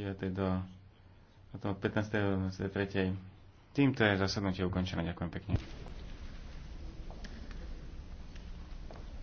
9. do, potom 15. 3. Týmto je zasadnutie ukončené. Ďakujem pekne.